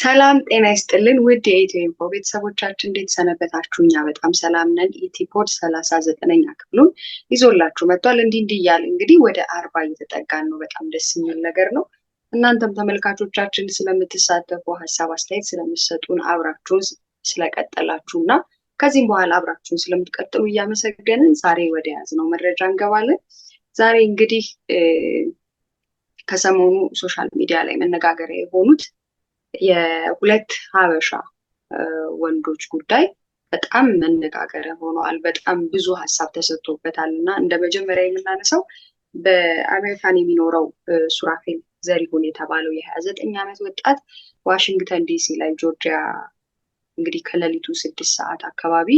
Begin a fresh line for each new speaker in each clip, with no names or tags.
ሰላም ጤና ይስጥልን ውድ የኢትዮ ቤተሰቦቻችን እንዴት ሰነበታችሁ? እኛ በጣም ሰላም ነን። ኢቲፖድ ሰላሳ ዘጠነኛ ክፍሉን ይዞላችሁ መጥቷል። እንዲህ እንዲህ እንግዲህ ወደ አርባ እየተጠጋን ነው። በጣም ደስ የሚል ነገር ነው። እናንተም ተመልካቾቻችን ስለምትሳተፉ ሀሳብ አስተያየት ስለምትሰጡን አብራችሁን ስለቀጠላችሁ እና ከዚህም በኋላ አብራችሁን ስለምትቀጥሉ እያመሰገንን ዛሬ ወደ ያዝነው መረጃ እንገባለን። ዛሬ እንግዲህ ከሰሞኑ ሶሻል ሚዲያ ላይ መነጋገሪያ የሆኑት የሁለት ሀበሻ ወንዶች ጉዳይ በጣም መነጋገሪያ ሆኗል በጣም ብዙ ሀሳብ ተሰጥቶበታል እና እንደ መጀመሪያ የምናነሳው በአሜሪካን የሚኖረው ሱራፌል ዘሪሁን የተባለው የሀያ ዘጠኝ ዓመት ወጣት ዋሽንግተን ዲሲ ላይ ጆርጂያ እንግዲህ ከሌሊቱ ስድስት ሰዓት አካባቢ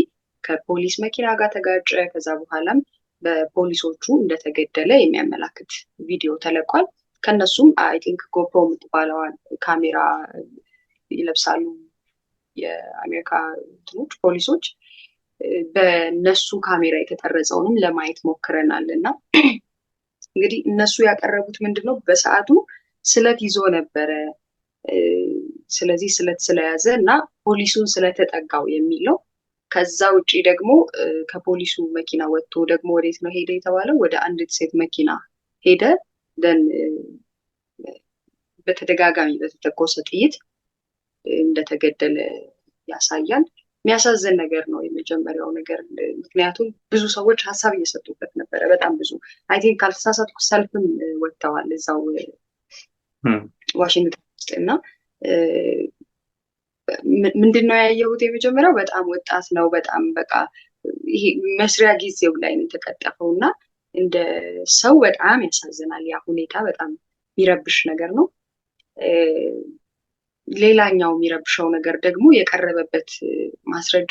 ከፖሊስ መኪና ጋር ተጋጨ። ከዛ በኋላም በፖሊሶቹ እንደተገደለ የሚያመላክት ቪዲዮ ተለቋል። ከነሱም አይ ቲንክ ጎፕሮ የምትባለዋን ካሜራ ይለብሳሉ የአሜሪካ ትኖች ፖሊሶች በነሱ ካሜራ የተጠረጸውንም ለማየት ሞክረናል እና እንግዲህ እነሱ ያቀረቡት ምንድን ነው በሰዓቱ ስለት ይዞ ነበረ ስለዚህ ስለት ስለያዘ እና ፖሊሱን ስለተጠጋው የሚለው ከዛ ውጪ ደግሞ ከፖሊሱ መኪና ወጥቶ ደግሞ ወዴት ነው ሄደ የተባለው ወደ አንዲት ሴት መኪና ሄደ በተደጋጋሚ በተተኮሰ ጥይት እንደተገደለ ያሳያል። የሚያሳዝን ነገር ነው የመጀመሪያው ነገር። ምክንያቱም ብዙ ሰዎች ሀሳብ እየሰጡበት ነበረ። በጣም ብዙ አይ ቲንክ ካልተሳሳትኩ ሰልፍም ወጥተዋል እዛው ዋሽንግተን ውስጥ እና ምንድን ነው ያየሁት የመጀመሪያው በጣም ወጣት ነው። በጣም በቃ ይሄ መስሪያ ጊዜው ላይ ነው የተቀጠፈው እና እንደ ሰው በጣም ያሳዝናል። ያ ሁኔታ በጣም የሚረብሽ ነገር ነው። ሌላኛው የሚረብሸው ነገር ደግሞ የቀረበበት ማስረጃ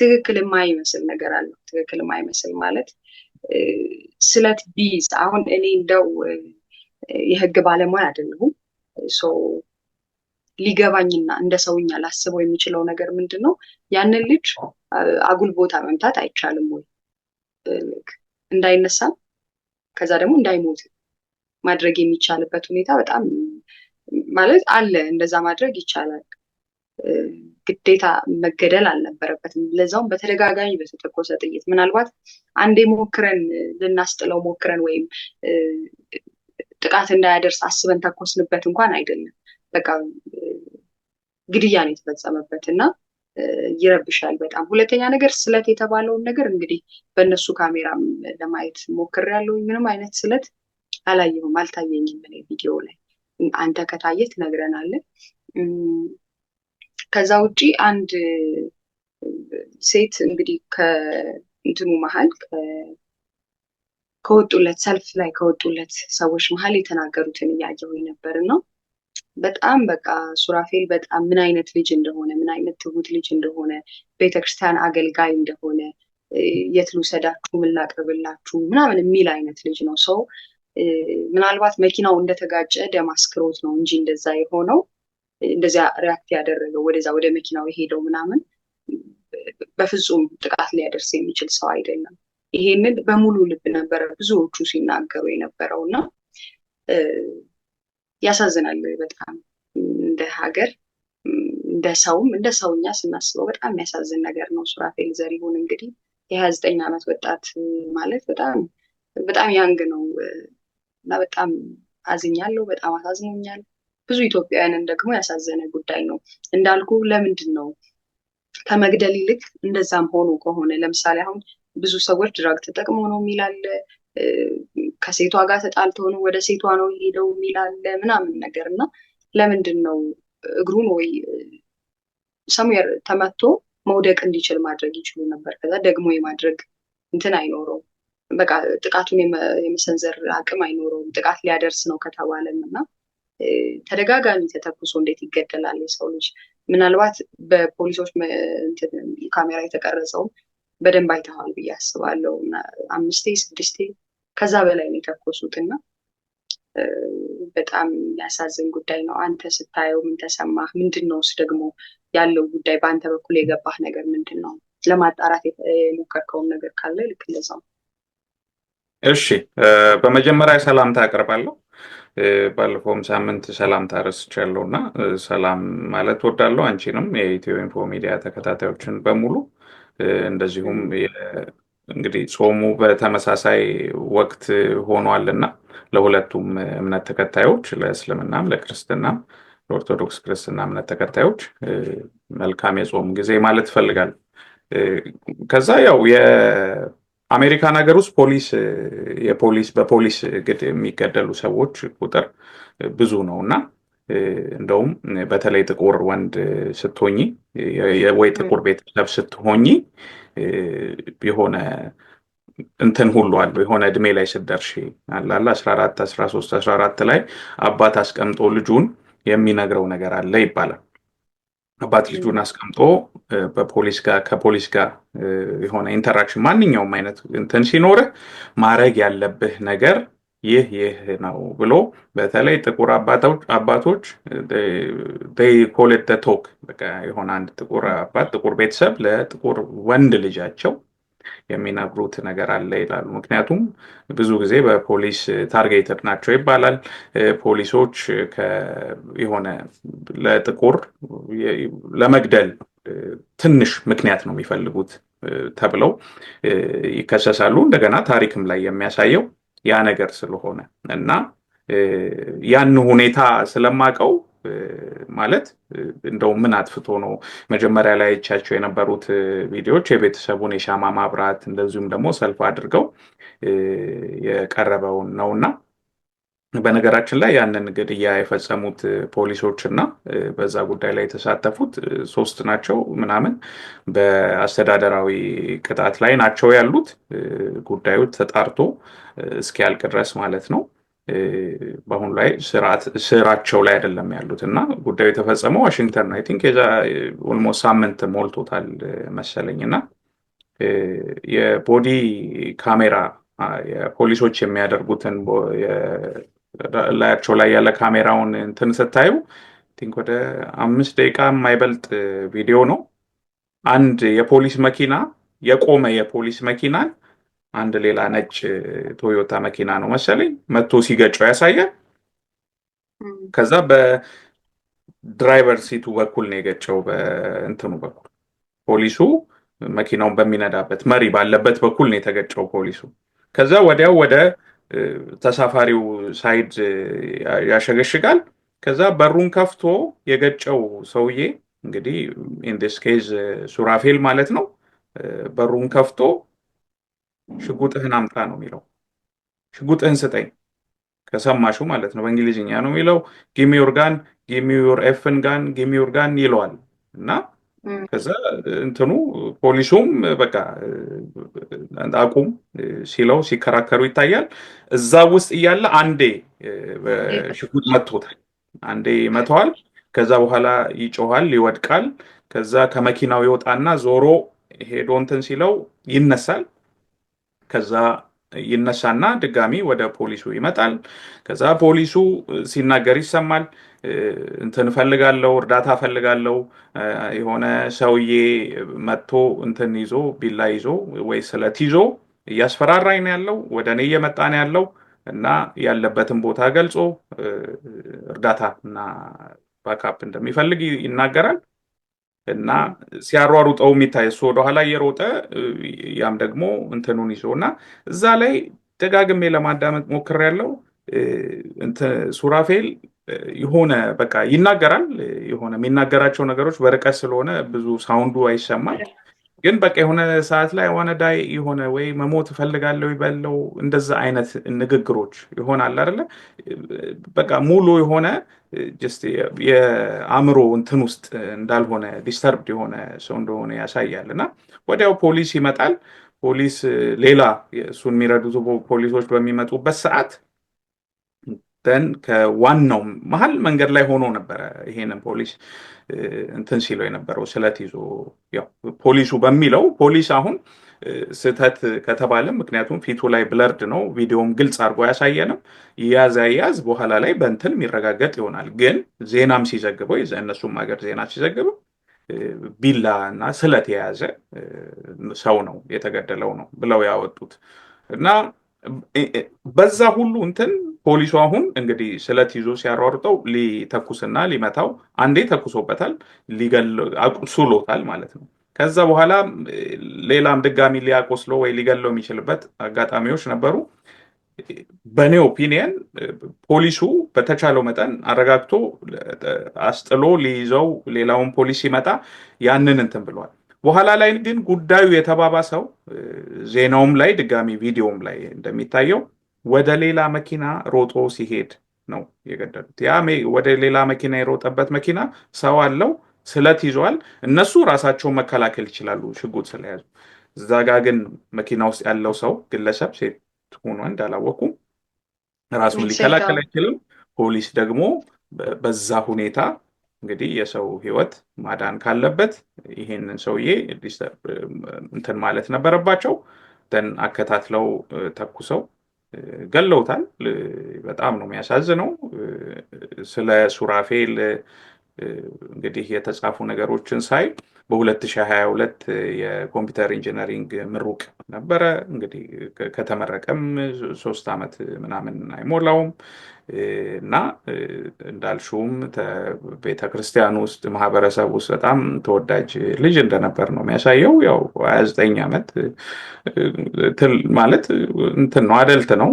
ትክክል የማይመስል ነገር አለው። ትክክል የማይመስል ማለት ስለት ቢዝ አሁን እኔ እንደው የህግ ባለሙያ አይደለሁም። ሊገባኝና እንደ ሰውኛ ላስበው የሚችለው ነገር ምንድን ነው? ያንን ልጅ አጉል ቦታ መምታት አይቻልም ወይ እንዳይነሳም ከዛ ደግሞ እንዳይሞት ማድረግ የሚቻልበት ሁኔታ በጣም ማለት አለ። እንደዛ ማድረግ ይቻላል። ግዴታ መገደል አልነበረበትም። ለዛውም በተደጋጋሚ በተተኮሰ ጥይት። ምናልባት አንዴ ሞክረን ልናስጥለው ሞክረን ወይም ጥቃት እንዳያደርስ አስበን ተኮስንበት እንኳን አይደለም። በቃ ግድያ ነው የተፈጸመበት እና ይረብሻል በጣም። ሁለተኛ ነገር ስለት የተባለውን ነገር እንግዲህ በእነሱ ካሜራም ለማየት ያለው ምንም አይነት ስለት አላየሁም፣ አልታየኝም። እኔ ቪዲዮ ላይ አንተ ከታየ ትነግረናለህ። ከዛ ውጪ አንድ ሴት እንግዲህ ከእንትኑ መሀል ከወጡለት ሰልፍ ላይ ከወጡለት ሰዎች መሀል የተናገሩትን እያየሁኝ ነበር ነው በጣም በቃ ሱራፌል በጣም ምን አይነት ልጅ እንደሆነ ምን አይነት ትሁት ልጅ እንደሆነ ቤተክርስቲያን አገልጋይ እንደሆነ የት ልውሰዳችሁ ምን ላቅርብላችሁ ምናምን የሚል አይነት ልጅ ነው። ሰው ምናልባት መኪናው እንደተጋጨ ደማስክሮት ነው እንጂ እንደዛ የሆነው እንደዚያ ሪያክት ያደረገው ወደዛ ወደ መኪናው የሄደው ምናምን በፍጹም ጥቃት ሊያደርስ የሚችል ሰው አይደለም። ይሄንን በሙሉ ልብ ነበረ ብዙዎቹ ሲናገሩ የነበረው እና ያሳዝናል። በጣም እንደ ሀገር እንደ ሰውም እንደ ሰውኛ ስናስበው በጣም የሚያሳዝን ነገር ነው። ሱራፌል ዘሪሁን እንግዲህ የሀያ ዘጠኝ ዓመት ወጣት ማለት በጣም በጣም ያንግ ነው እና በጣም አዝኛለሁ። በጣም አሳዝኖኛል። ብዙ ኢትዮጵያውያንን ደግሞ ያሳዘነ ጉዳይ ነው። እንዳልኩ ለምንድን ነው ከመግደል ይልቅ እንደዛም ሆኖ ከሆነ ለምሳሌ አሁን ብዙ ሰዎች ድራግ ተጠቅሞ ነው የሚላለ ከሴቷ ጋር ተጣልተው ነው ወደ ሴቷ ነው ሄደው የሚላለ ምናምን ነገር እና ለምንድን ነው እግሩን ወይ ሰሙር ተመቶ መውደቅ እንዲችል ማድረግ ይችሉ ነበር። ከዛ ደግሞ የማድረግ እንትን አይኖረው፣ በቃ ጥቃቱን የመሰንዘር አቅም አይኖረውም። ጥቃት ሊያደርስ ነው ከተባለም እና ተደጋጋሚ ተተኩሶ እንዴት ይገደላል የሰው ልጅ? ምናልባት በፖሊሶች ካሜራ የተቀረጸውም በደንብ አይተዋል ብዬ አስባለሁ። አምስቴ ስድስቴ ከዛ በላይ ነው የተኮሱት እና በጣም የሚያሳዝን ጉዳይ ነው። አንተ ስታየው ምን ተሰማህ? ምንድን ነውስ ደግሞ ያለው ጉዳይ? በአንተ በኩል የገባህ ነገር ምንድን ነው? ለማጣራት የሞከርከውን ነገር ካለ ልክ እንደዛው።
እሺ፣ በመጀመሪያ ሰላምታ አቀርባለሁ። ባለፈውም ሳምንት ሰላምታ ረስቻለሁ እና ሰላም ማለት ወዳለሁ አንቺንም የኢትዮ ኢንፎ ሚዲያ ተከታታዮችን በሙሉ እንደዚሁም እንግዲህ ጾሙ በተመሳሳይ ወቅት ሆኗልና ለሁለቱም እምነት ተከታዮች ለእስልምናም፣ ለክርስትናም፣ ለኦርቶዶክስ ክርስትና እምነት ተከታዮች መልካም የጾም ጊዜ ማለት ይፈልጋል። ከዛ ያው የአሜሪካን ሀገር ውስጥ ፖሊስ የፖሊስ በፖሊስ የሚገደሉ ሰዎች ቁጥር ብዙ ነው እና እንደውም በተለይ ጥቁር ወንድ ስትሆኚ ወይ ጥቁር ቤተሰብ ስትሆኚ የሆነ እንትን ሁሉ አለው የሆነ እድሜ ላይ ስደርሺ አላለ አስራ አራት አስራ ሶስት አስራ አራት ላይ አባት አስቀምጦ ልጁን የሚነግረው ነገር አለ ይባላል። አባት ልጁን አስቀምጦ በፖሊስ ጋር ከፖሊስ ጋር የሆነ ኢንተራክሽን ማንኛውም አይነት እንትን ሲኖርህ ማድረግ ያለብህ ነገር ይህ ይህ ነው ብሎ በተለይ ጥቁር አባቶች ኮሌት ቶክ የሆነ አንድ ጥቁር አባት ጥቁር ቤተሰብ ለጥቁር ወንድ ልጃቸው የሚነግሩት ነገር አለ ይላሉ። ምክንያቱም ብዙ ጊዜ በፖሊስ ታርጌትድ ናቸው ይባላል። ፖሊሶች የሆነ ለጥቁር ለመግደል ትንሽ ምክንያት ነው የሚፈልጉት ተብለው ይከሰሳሉ። እንደገና ታሪክም ላይ የሚያሳየው ያ ነገር ስለሆነ እና ያን ሁኔታ ስለማቀው ማለት እንደው ምን አጥፍቶ ነው መጀመሪያ ላይ ቻቸው የነበሩት ቪዲዮዎች የቤተሰቡን የሻማ ማብራት እንደዚሁም ደግሞ ሰልፍ አድርገው የቀረበውን ነውና በነገራችን ላይ ያንን ግድያ የፈጸሙት ፖሊሶች እና በዛ ጉዳይ ላይ የተሳተፉት ሶስት ናቸው ምናምን በአስተዳደራዊ ቅጣት ላይ ናቸው ያሉት ጉዳዩ ተጣርቶ እስኪያልቅ ድረስ ማለት ነው። በአሁኑ ላይ ስራቸው ላይ አይደለም ያሉት እና ጉዳዩ የተፈጸመው ዋሽንግተን ነው። አይ ቲንክ የዛ ኦልሞስት ሳምንት ሞልቶታል መሰለኝ እና የቦዲ ካሜራ የፖሊሶች የሚያደርጉትን ላያቸው ላይ ያለ ካሜራውን እንትን ስታዩ ቲንክ ወደ አምስት ደቂቃ የማይበልጥ ቪዲዮ ነው። አንድ የፖሊስ መኪና የቆመ የፖሊስ መኪናን አንድ ሌላ ነጭ ቶዮታ መኪና ነው መሰለኝ መቶ ሲገጨው ያሳያል። ከዛ በድራይቨር ሲቱ በኩል ነው የገጨው። በእንትኑ በኩል ፖሊሱ መኪናውን በሚነዳበት መሪ ባለበት በኩል ነው የተገጨው ፖሊሱ። ከዛ ወዲያው ወደ ተሳፋሪው ሳይድ ያሸገሽጋል። ከዛ በሩን ከፍቶ የገጨው ሰውዬ እንግዲህ ኢንዲስ ኬዝ ሱራፌል ማለት ነው። በሩን ከፍቶ ሽጉጥህን አምጣ ነው የሚለው። ሽጉጥህን ስጠኝ ከሰማሹ ማለት ነው። በእንግሊዝኛ ነው የሚለው። ጊሚ ዮር ጋን ጊሚ ዮር ኤፍን ጋን ጊሚ ዮር ጋን ይለዋል እና ከዛ እንትኑ ፖሊሱም በቃ አቁም ሲለው ሲከራከሩ ይታያል። እዛ ውስጥ እያለ አንዴ ሽጉጥ መቶታል። አንዴ መተዋል። ከዛ በኋላ ይጮኋል፣ ይወድቃል። ከዛ ከመኪናው ይወጣና ዞሮ ሄዶ እንትን ሲለው ይነሳል። ከዛ ይነሳና ድጋሚ ወደ ፖሊሱ ይመጣል። ከዛ ፖሊሱ ሲናገር ይሰማል። እንትን እፈልጋለሁ፣ እርዳታ እፈልጋለሁ፣ የሆነ ሰውዬ መጥቶ እንትን ይዞ ቢላ ይዞ ወይ ስለት ይዞ እያስፈራራኝ ነው ያለው፣ ወደ እኔ እየመጣ ነው ያለው እና ያለበትን ቦታ ገልጾ እርዳታ እና ባካፕ እንደሚፈልግ ይናገራል። እና ሲያሯሩጠው የሚታይ እሱ ወደኋላ እየሮጠ ያም ደግሞ እንትኑን ይዞ እና እዛ ላይ ደጋግሜ ለማዳመጥ ሞክር ያለው ሱራፌል የሆነ በቃ ይናገራል። የሆነ የሚናገራቸው ነገሮች በርቀት ስለሆነ ብዙ ሳውንዱ አይሰማል። ግን በቃ የሆነ ሰዓት ላይ የሆነ ዳይ የሆነ ወይ መሞት እፈልጋለሁ ይበለው እንደዛ አይነት ንግግሮች ይሆናል አይደለ? በቃ ሙሉ የሆነ የአእምሮ እንትን ውስጥ እንዳልሆነ ዲስተርብድ የሆነ ሰው እንደሆነ ያሳያል። እና ወዲያው ፖሊስ ይመጣል። ፖሊስ ሌላ እሱን የሚረዱት ፖሊሶች በሚመጡበት ሰዓት ደን ከዋናው መሀል መንገድ ላይ ሆኖ ነበረ ይሄንን ፖሊስ እንትን ሲለው የነበረው ስለት ይዞ ፖሊሱ በሚለው ፖሊስ አሁን ስህተት ከተባለም ምክንያቱም ፊቱ ላይ ብለርድ ነው፣ ቪዲዮም ግልጽ አድርጎ አያሳየንም። ይያዝ ያያዝ በኋላ ላይ በእንትን የሚረጋገጥ ይሆናል። ግን ዜናም ሲዘግበው እነሱም ሀገር ዜና ሲዘግበው ቢላ እና ስለት የያዘ ሰው ነው የተገደለው ነው ብለው ያወጡት እና በዛ ሁሉ እንትን ፖሊሱ አሁን እንግዲህ ስለት ይዞ ሲያሯርጠው ሊተኩስና ሊመታው አንዴ ተኩሶበታል፣ ሱሎታል ማለት ነው። ከዛ በኋላ ሌላም ድጋሚ ሊያቆስሎ ወይ ሊገለው የሚችልበት አጋጣሚዎች ነበሩ። በእኔ ኦፒኒየን ፖሊሱ በተቻለው መጠን አረጋግቶ አስጥሎ ሊይዘው ሌላውን ፖሊስ ሲመጣ ያንን እንትን ብሏል። በኋላ ላይ ግን ጉዳዩ የተባባሰው ዜናውም ላይ ድጋሚ ቪዲዮም ላይ እንደሚታየው ወደ ሌላ መኪና ሮጦ ሲሄድ ነው የገደሉት። ያ ወደ ሌላ መኪና የሮጠበት መኪና ሰው አለው፣ ስለት ይዟል። እነሱ ራሳቸውን መከላከል ይችላሉ ሽጉጥ ስለያዙ። እዛ ጋ ግን መኪና ውስጥ ያለው ሰው ግለሰብ ሴት ሆኖ እንዳላወቁ ራሱን ሊከላከል አይችልም። ፖሊስ ደግሞ በዛ ሁኔታ እንግዲህ የሰው ህይወት ማዳን ካለበት ይሄንን ሰውዬ እንትን ማለት ነበረባቸው። ደን አከታትለው ተኩሰው ገለውታል። በጣም ነው የሚያሳዝነው። ስለ ሱራፌል እንግዲህ የተጻፉ ነገሮችን ሳይ በ2022 የኮምፒውተር ኢንጂነሪንግ ምሩቅ ነበረ። እንግዲህ ከተመረቀም ሶስት ዓመት ምናምን አይሞላውም እና እንዳልሹም ቤተ ክርስቲያን ውስጥ ማህበረሰብ ውስጥ በጣም ተወዳጅ ልጅ እንደነበር ነው የሚያሳየው። ያው 29 ዓመት ማለት እንትን ነው አደልት ነው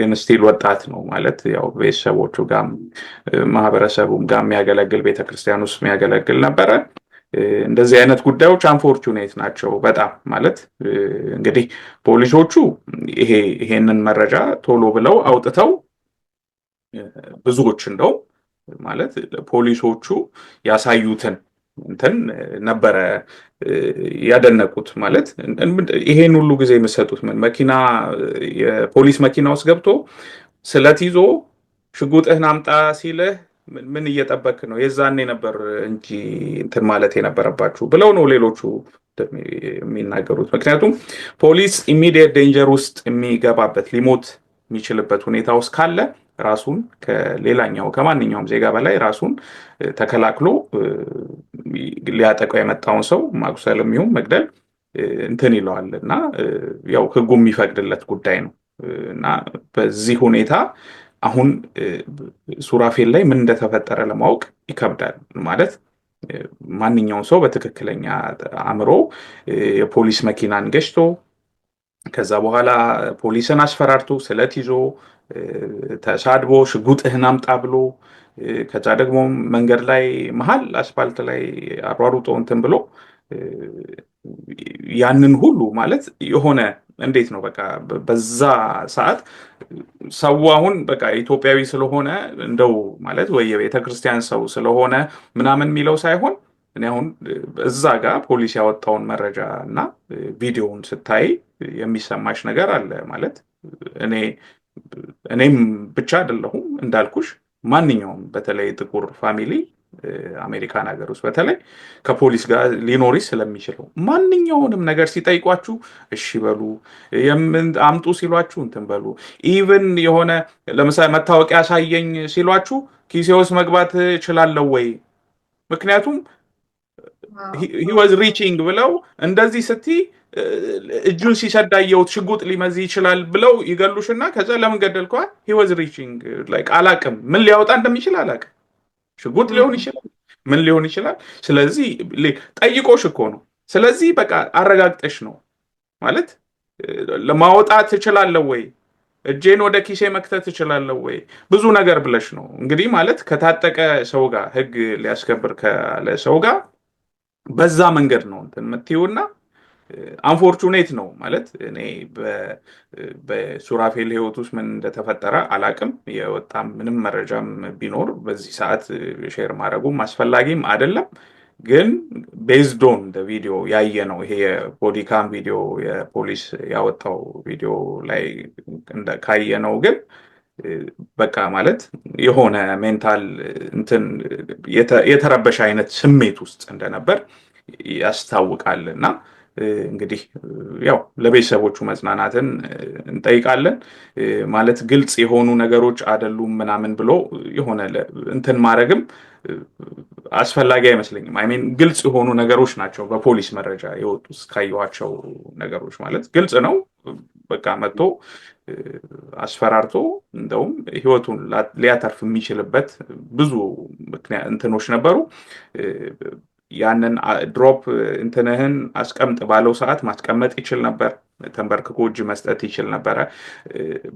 ግን ስቲል ወጣት ነው ማለት ያው ቤተሰቦቹ ጋም ማህበረሰቡም ጋር የሚያገለግል ቤተክርስቲያን ውስጥ የሚያገለግል ነበረ። እንደዚህ አይነት ጉዳዮች አንፎርቹኔት ናቸው በጣም ማለት እንግዲህ ፖሊሶቹ ይሄ ይሄንን መረጃ ቶሎ ብለው አውጥተው ብዙዎች እንደው ማለት ፖሊሶቹ ያሳዩትን እንትን ነበረ ያደነቁት። ማለት ይሄን ሁሉ ጊዜ የምሰጡት ምን መኪና የፖሊስ መኪና ውስጥ ገብቶ ስለት ይዞ ሽጉጥህን አምጣ ሲልህ ምን እየጠበክ ነው? የዛኔ ነበር እንጂ እንትን ማለት የነበረባችሁ ብለው ነው ሌሎቹ የሚናገሩት። ምክንያቱም ፖሊስ ኢሚዲየት ዴንጀር ውስጥ የሚገባበት ሊሞት የሚችልበት ሁኔታ ውስጥ ካለ ራሱን ከሌላኛው ከማንኛውም ዜጋ በላይ ራሱን ተከላክሎ ሊያጠቃው የመጣውን ሰው ማቁሰልም ይሁን መግደል እንትን ይለዋል እና ያው ህጉ የሚፈቅድለት ጉዳይ ነው እና በዚህ ሁኔታ አሁን ሱራፌል ላይ ምን እንደተፈጠረ ለማወቅ ይከብዳል ማለት ማንኛውም ሰው በትክክለኛ አእምሮ የፖሊስ መኪናን ገጭቶ ከዛ በኋላ ፖሊስን አስፈራርቶ ስለት ይዞ ተሳድቦ ሽጉጥህን አምጣ ብሎ ከዛ ደግሞ መንገድ ላይ መሀል አስፋልት ላይ አሯሩጦ እንትን ብሎ ያንን ሁሉ ማለት የሆነ እንዴት ነው በቃ በዛ ሰዓት ሰው አሁን በቃ ኢትዮጵያዊ ስለሆነ እንደው ማለት ወይ የቤተ ክርስቲያን ሰው ስለሆነ ምናምን የሚለው ሳይሆን እኔ አሁን እዛ ጋር ፖሊስ ያወጣውን መረጃ እና ቪዲዮውን ስታይ የሚሰማሽ ነገር አለ ማለት እኔ እኔም ብቻ አይደለሁም እንዳልኩሽ ማንኛውም በተለይ ጥቁር ፋሚሊ አሜሪካን ሀገር ውስጥ በተለይ ከፖሊስ ጋር ሊኖሪ ስለሚችለው ማንኛውንም ነገር ሲጠይቋችሁ እሺ በሉ፣ አምጡ ሲሏችሁ እንትን በሉ። ኢቨን የሆነ ለምሳሌ መታወቂያ አሳየኝ ሲሏችሁ ኪሴ ውስጥ መግባት እችላለሁ ወይ? ምክንያቱም ሂወዝ ሪቺንግ ብለው እንደዚህ ስቲ እጁን ሲሰድ አየሁት ሽጉጥ ሊመዝ ይችላል ብለው ይገሉሽና ከዛ ለምን ገደልከዋል? ሂወዝ ሪቺንግ ላይክ አላቅም፣ ምን ሊያወጣ እንደሚችል አላቅም። ሽጉጥ ሊሆን ይችላል፣ ምን ሊሆን ይችላል። ስለዚህ ጠይቆሽ እኮ ነው። ስለዚህ በቃ አረጋግጠሽ ነው ማለት ማውጣት እችላለሁ ወይ እጄን ወደ ኪሴ መክተት እችላለሁ ወይ ብዙ ነገር ብለሽ ነው እንግዲህ ማለት ከታጠቀ ሰው ጋር ህግ ሊያስከብር ካለ ሰው ጋር በዛ መንገድ ነው እንትን የምትይውና አንፎርቹኔት ነው ማለት እኔ በሱራፌል ህይወት ውስጥ ምን እንደተፈጠረ አላቅም። የወጣ ምንም መረጃም ቢኖር በዚህ ሰዓት ሼር ማድረጉም አስፈላጊም አይደለም። ግን ቤዝዶን ቪዲዮ ያየ ነው ይሄ የቦዲካም ቪዲዮ የፖሊስ ያወጣው ቪዲዮ ላይ ካየ ነው ግን በቃ ማለት የሆነ ሜንታል እንትን የተረበሸ አይነት ስሜት ውስጥ እንደነበር ያስታውቃል እና እንግዲህ ያው ለቤተሰቦቹ መጽናናትን እንጠይቃለን። ማለት ግልጽ የሆኑ ነገሮች አይደሉም ምናምን ብሎ የሆነ እንትን ማድረግም አስፈላጊ አይመስለኝም። አይሜን ግልጽ የሆኑ ነገሮች ናቸው። በፖሊስ መረጃ የወጡ እስካየኋቸው ነገሮች ማለት ግልጽ ነው። በቃ መጥቶ አስፈራርቶ እንደውም ህይወቱን ሊያተርፍ የሚችልበት ብዙ እንትኖች ነበሩ። ያንን ድሮፕ እንትንህን አስቀምጥ ባለው ሰዓት ማስቀመጥ ይችል ነበር። ተንበርክኮ እጅ መስጠት ይችል ነበረ።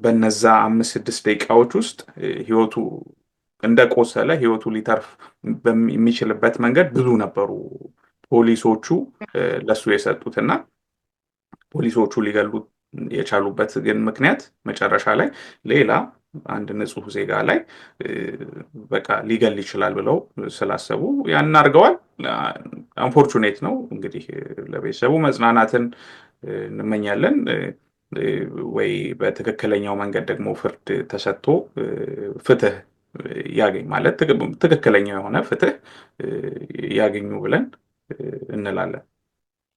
በነዛ አምስት ስድስት ደቂቃዎች ውስጥ ህይወቱ እንደቆሰለ ህይወቱ ሊተርፍ በሚችልበት መንገድ ብዙ ነበሩ ፖሊሶቹ ለሱ የሰጡት እና ፖሊሶቹ ሊገሉት የቻሉበት ግን ምክንያት መጨረሻ ላይ ሌላ አንድ ንጹህ ዜጋ ላይ በቃ ሊገል ይችላል ብለው ስላሰቡ ያንን አድርገዋል። አንፎርቹኔት ነው እንግዲህ ለቤተሰቡ መጽናናትን እንመኛለን። ወይ በትክክለኛው መንገድ ደግሞ ፍርድ ተሰጥቶ ፍትህ ያገኝ ማለት ትክክለኛ የሆነ ፍትህ ያገኙ ብለን እንላለን።